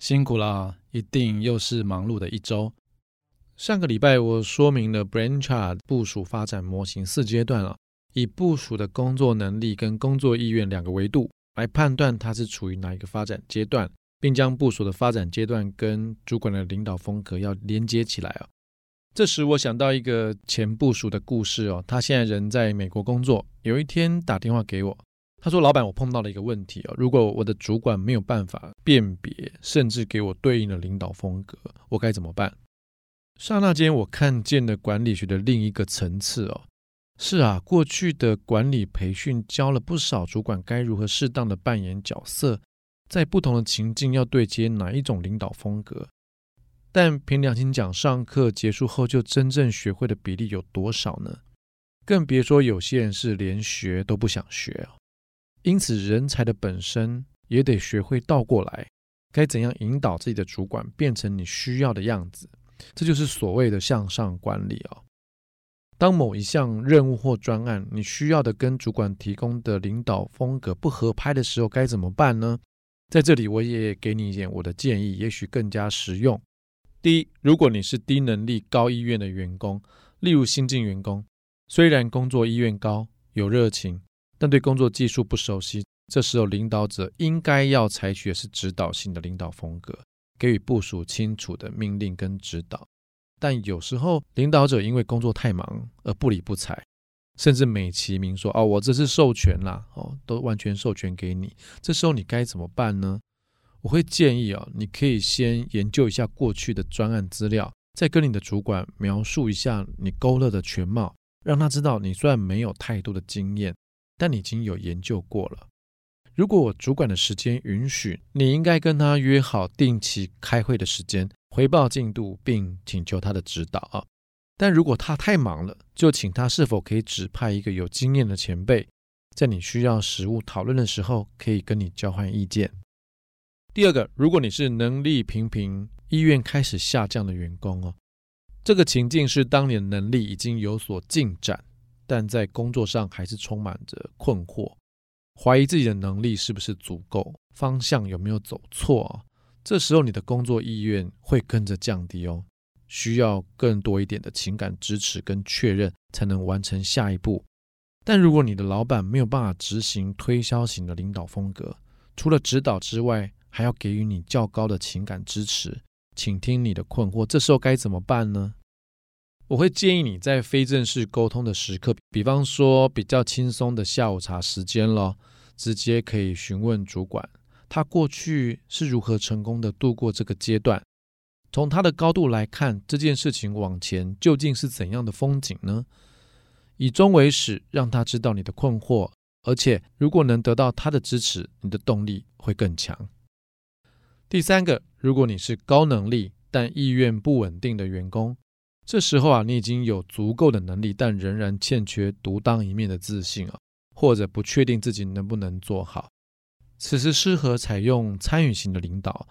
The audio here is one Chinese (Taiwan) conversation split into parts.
辛苦啦，一定又是忙碌的一周。上個禮拜我說明了 Blanchard 部屬發展模型四階段啊，以部屬的工作能力跟工作意願兩個維度來判斷它是處於哪一個發展階段，並將部屬的發展階段跟主管的領導風格要連接起來啊。這時我想到一個前部屬的故事哦，他現在人在美國工作，有一天打電話給我。他說：“老闆，我碰到了一個問題啊！如果我的主管沒有辦法辨別，甚至給我對應的領導風格，我該怎麼辦？”剎那間，我看見了管理學的另一個層次哦。是啊，過去的管理培訓教了不少主管該如何適當的扮演角色，在不同的情境要對接哪一種領導風格，但憑良心講，上課結束後就真正學會的比例有多少呢？更別說有些人是連學都不想學啊！因此，人才的本身也得學會倒過來，該怎樣引導自己的主管變成你需要的樣子？這就是所謂的向上管理哦。當某一項任務或專案，你需要的跟主管提供的領導風格不合拍的時候，該怎麼辦呢？在這裡，我也給你一點我的建議，也許更加實用。第一，如果你是低能力高意願的員工，例如新進員工，雖然工作意願高，有熱情。但對工作技術不熟悉，這時候領導者應該要採取的是指導性的領導風格，給予部屬清楚的命令跟指導。但有時候領導者因為工作太忙而不理不睬，甚至美其名說：“哦，我這是授權啦，哦，都完全授權給你。”這時候你該怎麼辦呢？我會建議啊、哦，你可以先研究一下過去的專案資料，再跟你的主管描述一下你勾勒的全貌，讓他知道你雖然沒有太多的經驗。但你已經有研究過了。如果我主管的時間允許，你應該跟他約好定期開會的時間，回報進度，並請求他的指導啊。但如果他太忙了，就請他是否可以指派一個有經驗的前輩，在你需要實務討論的時候，可以跟你交換意見。第二個，如果你是能力平平、意願開始下降的員工哦，這個情境是當你的能力已經有所進展。但在工作上還是充滿着困惑，懷疑自己的能力是不是足夠，方向有沒有走錯啊？這時候你的工作意願會跟着降低哦，需要更多一點的情感支持跟確認，才能完成下一步。但如果你的老板沒有辦法執行推銷型的領導風格，除了指導之外，還要給予你較高的情感支持，傾聽你的困惑，這時候該怎麼辦呢？我會建議你在非正式溝通的時刻，比方說比較輕鬆的下午茶時間咯，直接可以詢問主管，他過去是如何成功的度過這個階段，從他的高度來看，這件事情往前究竟是怎樣的風景呢？以終為始，讓他知道你的困惑，而且如果能得到他的支持，你的動力會更強。第三個，如果你是高能力但意願不穩定的員工。這時候啊，你已經有足夠的能力，但仍然欠缺獨當一面的自信啊，或者不確定自己能不能做好。此時適合採用參與型的領導。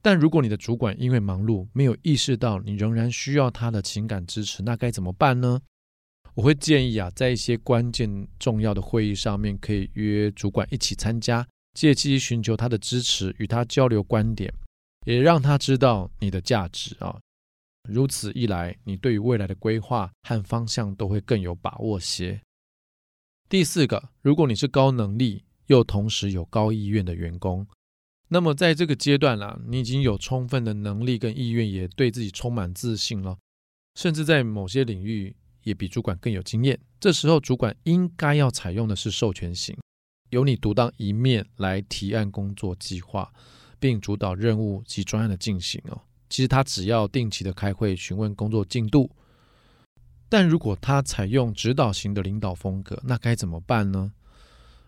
但如果你的主管因為忙碌，沒有意識到你仍然需要他的情感支持，那該怎麼辦呢？我會建議啊，在一些關鍵重要的會議上面，可以約主管一起參加，借機尋求他的支持，與他交流觀點，也讓他知道你的價值啊。如此一來，你對於未來的規劃和方向都會更有把握些。第四個，如果你是高能力又同時有高意願的員工，那麼在這個階段啦、啊，你已經有充分的能力跟意願，也對自己充滿自信了，甚至在某些領域也比主管更有經驗。這時候，主管應該要採用的是授權型，由你獨當一面來提案工作計劃，並主導任務及專案的進行哦。其實他只要定期的開會詢問工作進度，但如果他採用指導型的領導風格，那該怎麼辦呢？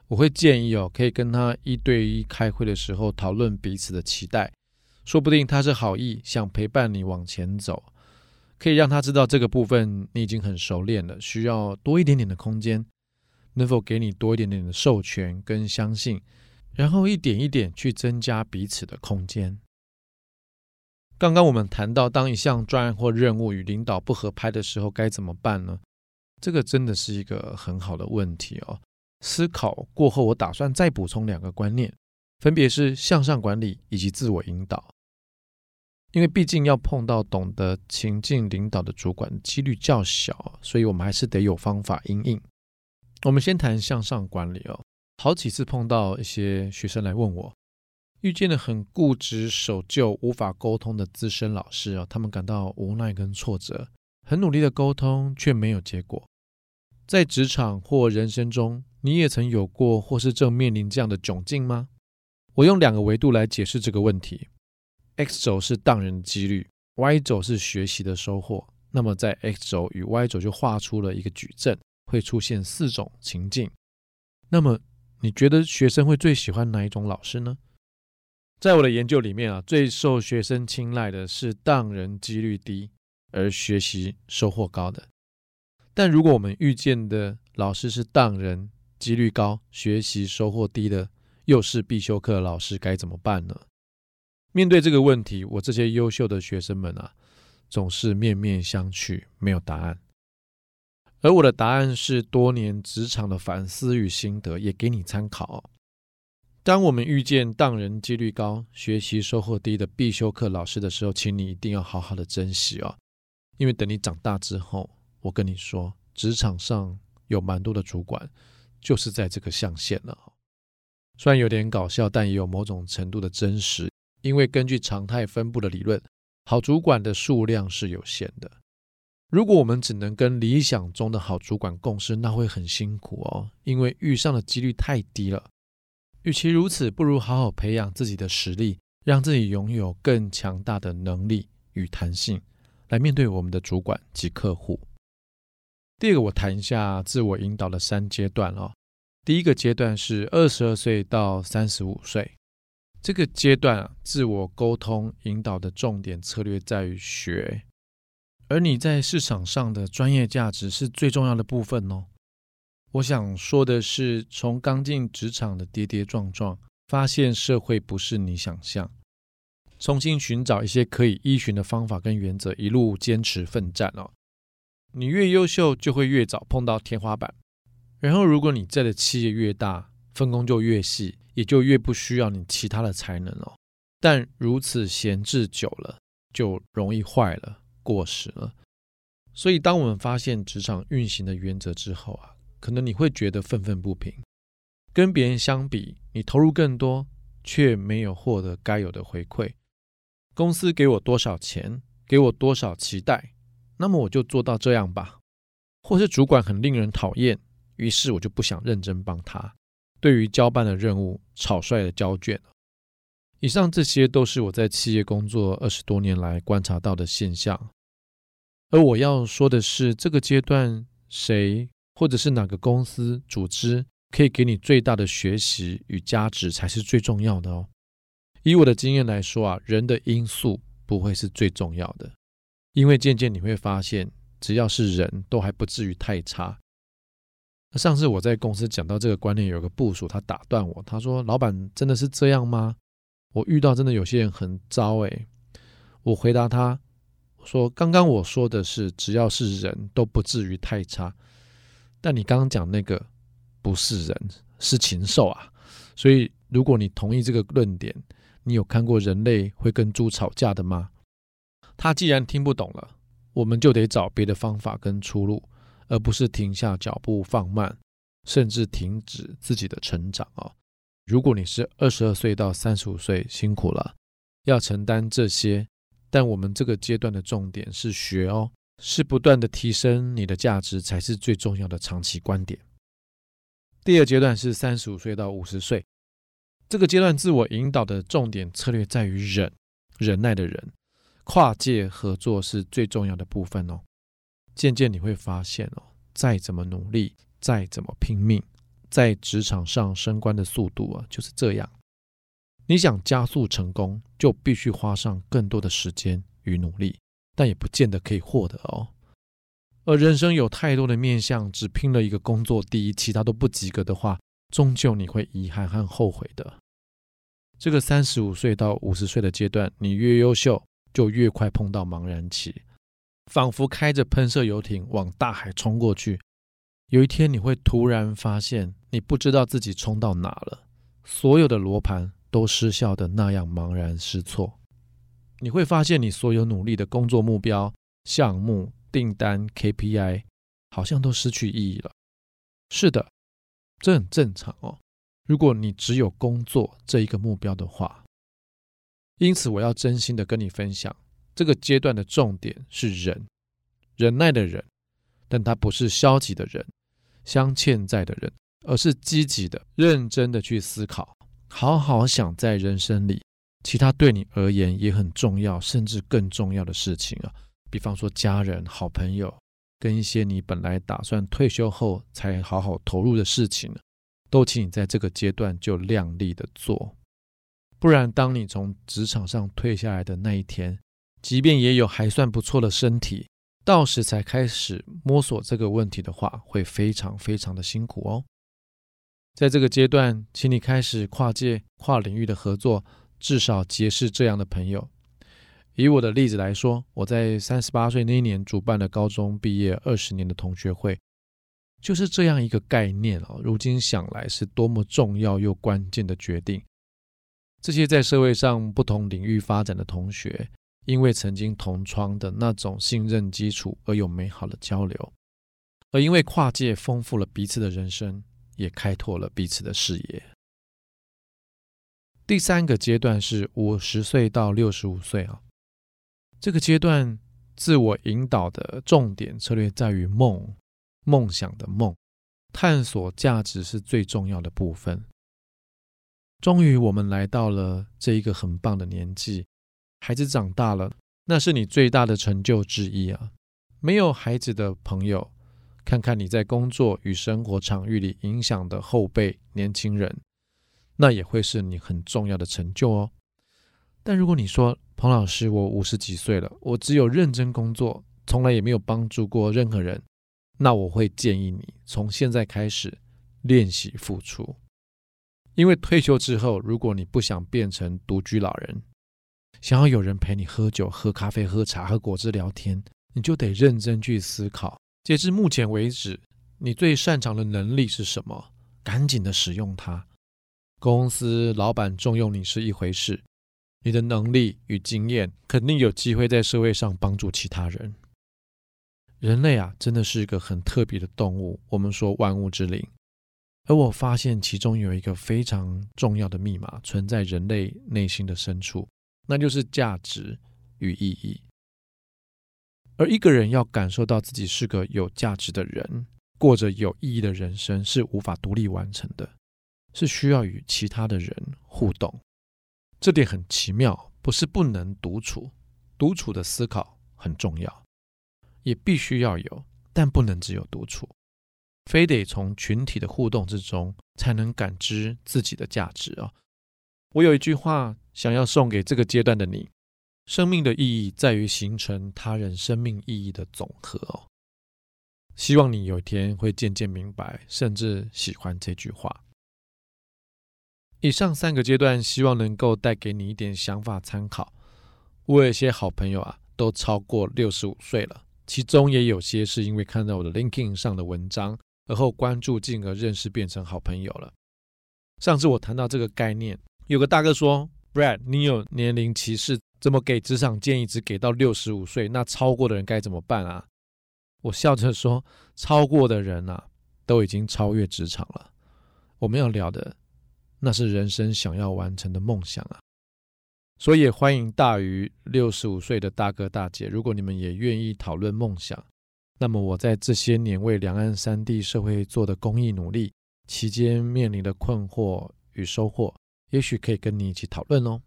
我會建議哦，可以跟他一對一開會的時候討論彼此的期待，說不定他是好意，想陪伴你往前走，可以讓他知道這個部分你已經很熟練了，需要多一點點的空間，能否給你多一點點的授權跟相信，然後一點一點去增加彼此的空間。剛剛我們談到，當一項專案或任務與領導不合拍的時候，該怎麼辦呢？這個真的是一個很好的問題哦。思考過後，我打算再補充兩個觀念，分別是向上管理以及自我引導。因為畢竟要碰到懂得情境領導的主管幾率較小，所以我們還是得有方法因應。我們先談向上管理哦。好幾次碰到一些學生來問我。遇見了很固執、守舊、無法溝通的資深老師啊，他們感到無奈跟挫折，很努力的溝通卻沒有結果。在職場或人生中，你也曾有過或是正面臨這樣的窘境嗎？我用兩個維度來解釋這個問題：X 軸是當人的幾率，Y 軸是學習的收穫。那麼在 X 軸與 Y 軸就畫出了一個矩陣，會出現四種情境。那麼你覺得學生會最喜歡哪一種老師呢？在我的研究裡面啊，最受學生青睞的是當人幾率低而學習收穫高的。但如果我們遇見的老師是當人幾率高、學習收穫低的，又是必修課老師該怎麼辦呢？面對這個問題，我這些優秀的學生們啊，總是面面相覷，沒有答案。而我的答案是多年職場的反思與心得，也給你參考哦。當我們遇見當人幾率高、學習收穫低的必修課老師的時候，請你一定要好好的珍惜哦，因為等你長大之後，我跟你說，職場上有蠻多的主管就是在這個象限了。雖然有點搞笑，但也有某種程度的真實。因為根據常態分布的理論，好主管的數量是有限的。如果我們只能跟理想中的好主管共事，那會很辛苦哦，因為遇上的幾率太低了。與其如此，不如好好培養自己的實力，讓自己擁有更強大的能力與彈性，來面對我們的主管及客戶。第二個，我談一下自我引導的三階段哦。第一個階段是二十二歲到三十五歲，這個階段啊，自我溝通引導的重點策略在於學，而你在市場上的專業價值是最重要的部分哦。我想說的是，從剛進職場的跌跌撞撞，發現社會不是你想象重新尋找一些可以依循的方法跟原則，一路堅持奮戰哦。你越優秀，就會越早碰到天花板。然後，如果你在的企業越大，分工就越細，也就越不需要你其他的才能哦。但如此閒置久了，就容易壞了、過時了。所以，當我們發現職場運行的原則之後啊，可能你會覺得憤憤不平，跟別人相比，你投入更多，却沒有獲得該有的回饋。公司給我多少錢，給我多少期待，那麼我就做到這樣吧。或是主管很令人討厭，於是我就不想認真幫他。對於交辦的任務，草率的交卷。以上這些都是我在企業工作二十多年來觀察到的現象。而我要說的是，這個階段誰？或者是哪個公司組織可以給你最大的學習與價值才是最重要的哦。以我的經驗來說啊，人的因素不會是最重要的，因為漸漸你會發現，只要是人都還不至於太差。那上次我在公司講到這個觀念，有個部屬，他打斷我，他說：“老闆真的是這樣嗎？”我遇到真的有些人很糟誒。我回答他：“我說剛剛我說的是只要是人都不至於太差。”但你剛剛講那個不是人，是禽獸啊！所以如果你同意這個論點。你有看過人類會跟豬吵架的嗎？他既然聽不懂了，我們就得找別的方法跟出路，而不是停下腳步放慢，甚至停止自己的成長哦。如果你是二十二歲到三十五歲，辛苦了，要承擔這些，但我們這個階段的重點是學哦。是不斷的提升你的價值，才是最重要的長期觀點。第二階段是三十五歲到五十歲，這個階段自我引導的重點策略在於忍，忍耐的忍，跨界合作是最重要的部分哦。漸漸你會發現哦，再怎麼努力，再怎麼拼命，在職場上升官的速度啊就是這樣。你想加速成功，就必須花上更多的時間與努力。但也不見得可以獲得哦。而人生有太多的面向，只拼了一個工作第一，其他都不及格的話，終究你會遺憾和後悔的。這個三十五歲到五十歲的階段，你越優秀，就越快碰到茫然期，仿佛開着噴射遊艇往大海衝過去。有一天，你會突然發現，你不知道自己衝到哪了，所有的羅盤都失效的那樣茫然失措。你會發現，你所有努力的工作目標、項目、訂單、KPI，好像都失去意義了。是的，這很正常哦。如果你只有工作這一個目標的話，因此我要真心的跟你分享，這個階段的重點是忍，忍耐的人，但他不是消極的人，相欠債的人，而是積極的、認真的去思考，好好想在人生裡。其他對你而言也很重要，甚至更重要的事情啊，比方說家人、好朋友，跟一些你本來打算退休後才好好投入的事情呢，都請你在這個階段就量力的做，不然當你從職場上退下來的那一天，即便也有還算不錯的身體，到時才開始摸索這個問題的話，會非常非常的辛苦哦。在這個階段，請你開始跨界、跨領域的合作。至少結識這樣的朋友。以我的例子來說，我在三十八歲那一年主辦了高中畢業二十年的同學會，就是這樣一個概念啊。如今想來，是多麼重要又關鍵的決定。這些在社會上不同領域發展的同學，因為曾經同窗的那種信任基礎而有美好的交流，而因為跨界豐富了彼此的人生，也開拓了彼此的視野。第三個階段是五十歲到六十五歲啊，這個階段自我引導的重點策略在於夢，夢想的夢，探索價值是最重要的部分。終於，我們來到了這一個很棒的年紀，孩子長大了，那是你最大的成就之一啊。沒有孩子的朋友，看看你在工作與生活場域裡影響的後輩年輕人。那也會是你很重要的成就哦。但如果你說，彭老師，我五十幾歲了，我只有認真工作，從來也沒有幫助過任何人，那我會建議你從現在開始練習付出。因為退休之後，如果你不想變成獨居老人，想要有人陪你喝酒、喝咖啡、喝茶、喝果汁、聊天，你就得認真去思考。截至目前為止，你最擅長的能力是什麼？趕緊的使用它。公司老闆重用你是一回事，你的能力與經驗肯定有機會在社會上幫助其他人。人類啊，真的是一個很特別的動物，我們說萬物之靈。而我發現其中有一個非常重要的密碼存在人類內心的深處，那就是價值與意義。而一個人要感受到自己是個有價值的人，過着有意義的人生，是無法獨立完成的。是需要與其他的人互動，這點很奇妙，不是不能獨處，獨處的思考很重要，也必須要有，但不能只有獨處，非得從群體的互動之中才能感知自己的價值哦。我有一句話想要送給這個階段的你，生命的意義在於形成他人生命意義的總和哦。希望你有一天會漸漸明白，甚至喜歡這句話。以上三個階段，希望能夠帶給你一點想法參考。我有一些好朋友啊，都超過六十五歲了，其中也有些是因為看到我的 LinkedIn 上的文章，而後關注，進而認識，變成好朋友了。上次我談到這個概念，有個大哥說：“Brad，你有年齡歧視，怎麼給職場建議只給到六十五歲？那超過的人該怎麼辦啊？”我笑着說：“超過的人吶、啊，都已經超越職場了。我們要聊的。”那是人生想要完成的夢想啊，所以也歡迎大於六十五歲的大哥大姐，如果你們也願意討論夢想，那麼我在這些年為兩岸三地社會做的公益努力，期間面臨的困惑與收穫，也許可以跟你一起討論哦。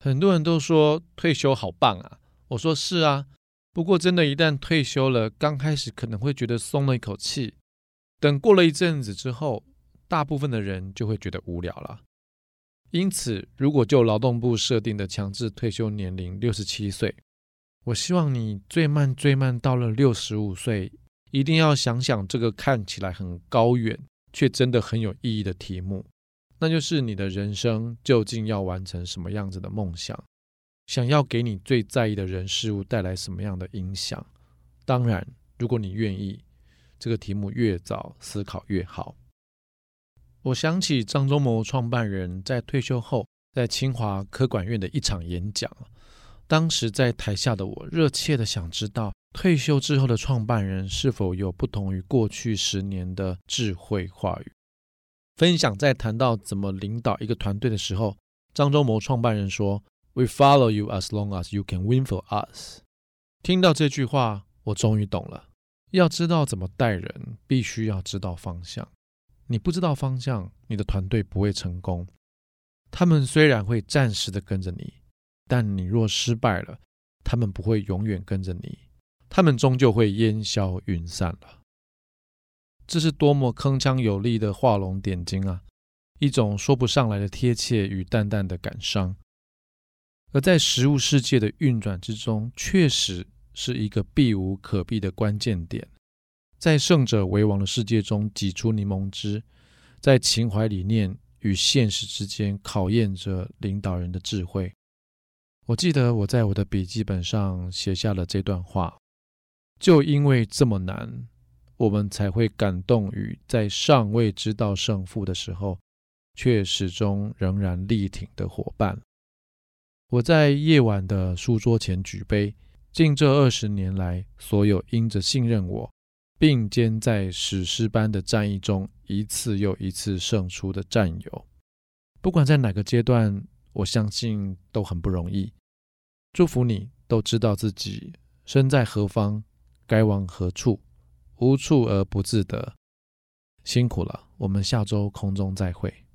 很多人都說退休好棒啊，我說是啊，不過真的，一旦退休了，剛開始可能會覺得鬆了一口氣，等過了一陣子之後。大部分的人就會覺得無聊了。因此，如果就勞動部設定的強制退休年齡67歲，我希望你最慢最慢到了65歲，一定要想想這個看起來很高遠，卻真的很有意義的題目，那就是你的人生究竟要完成什麼樣子的夢想，想要給你最在意的人事物帶來什麼樣的影響。當然，如果你願意，這個題目越早思考越好。我想起張忠謀創辦人在退休後，在清華科管院的一場演講。當時在台下的我，熱切的想知道退休之後的創辦人是否有不同於過去十年的智慧話語分享。在談到怎麼領導一個團隊的時候，張忠謀創辦人說：“We follow you as long as you can win for us。”聽到這句話，我終於懂了。要知道怎麼帶人，必須要知道方向。你不知道方向，你的團隊不會成功。他們雖然會暫時的跟着你，但你若失敗了，他們不會永遠跟着你，他們終究會煙消雲散了。這是多麼鏗鏘有力的畫龍點睛啊！一種說不上來的貼切與淡淡的感傷，而在實務世界的運轉之中，確實是一個避無可避的關鍵點。在勝者為王的世界中擠出檸檬汁，在情懷理念與現實之間考驗着領導人的智慧。我記得我在我的筆記本上寫下了這段話，就因為這麼難，我們才會感動於在尚未知道勝負的時候，卻始終仍然力挺的伙伴。我在夜晚的書桌前舉杯，敬這二十年來所有因着信任我並肩在史詩般的戰役中一次又一次勝出的戰友，不管在哪個階段，我相信都很不容易。祝福你，都知道自己身在何方，該往何處，無處而不自得。辛苦了，我們下周空中再會。